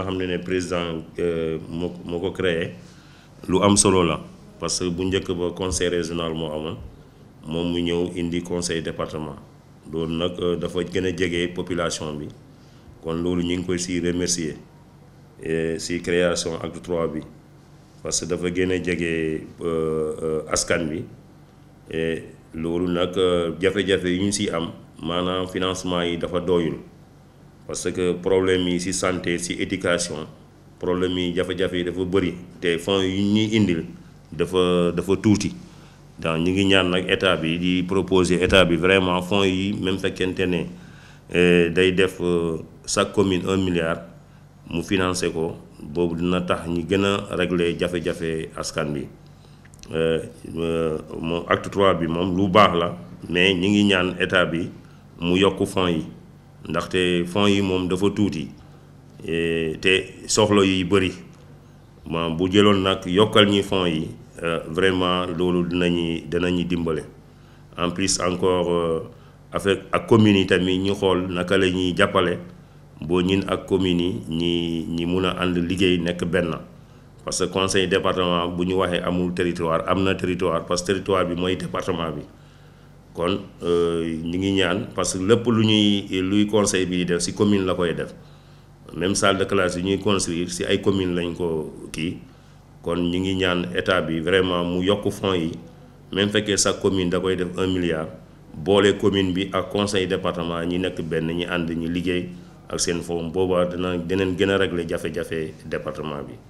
nga xam ne ne président moo euh, moo ko créer lu am solo la parce que bu njëkk ba conseil régional moo amoon moom mu ñëw indi conseil département loolu nag euh, dafa gën a jege population bi kon loolu ñu ngi koy si remercier si création acte trois bi parce que dafa gën a jege euh, askan bi loolu nag jafe-jafe yu ñu si am maanaam financement yi dafa doyul parce que problème yi ci santé ci éducation problème yi jafé jafe dafa bëri té fonds yi ñi indil dafa dafa touti donc ñi ngi ñaan nag état bi di proposer état bi vraiment fonds yi même fekkente euh day def euh, chaque commune 1 milliard mu financer ko bobu dina tax ñi gëna régler jafe jafé askan bi euh, euh moom acte 3 bi mom lu baax la mais ñi ngi ñaan état bi mu yokk fonds yi ndaxte fonds yi moom dafa tuuti e, te soxla yu bëri maam bu jëloon nag yokkal ñi fonds yi e, vraiment loolu dina dinañu dinañu dimbale en plus encore e, avec ak commune yi tamit ñu xool naka la ñuy jàppale boo ñun ak commune yi ñi ñi mun a ànd liggéey nekk benn parce que conseil département bu ñu waxee amul territoire am na territoire parce que territoire bi mooy département bi kon euh, ñi ngi ñaan parce que lépp lu ñuy luy conseil bi def ci commune la koy def même salle de classe yi ñuy construire ci ay commune lañ ko kii kon ñi ngi ñaan état bi vraiment mu yokk fonds yi même fekkee sa commune da koy def 1 milliard boole commune bi ak conseil département ñi nekk benn ñi ànd ñi liggéey ak seen foom booba dina deneen gën a régler jafe-jafe département bi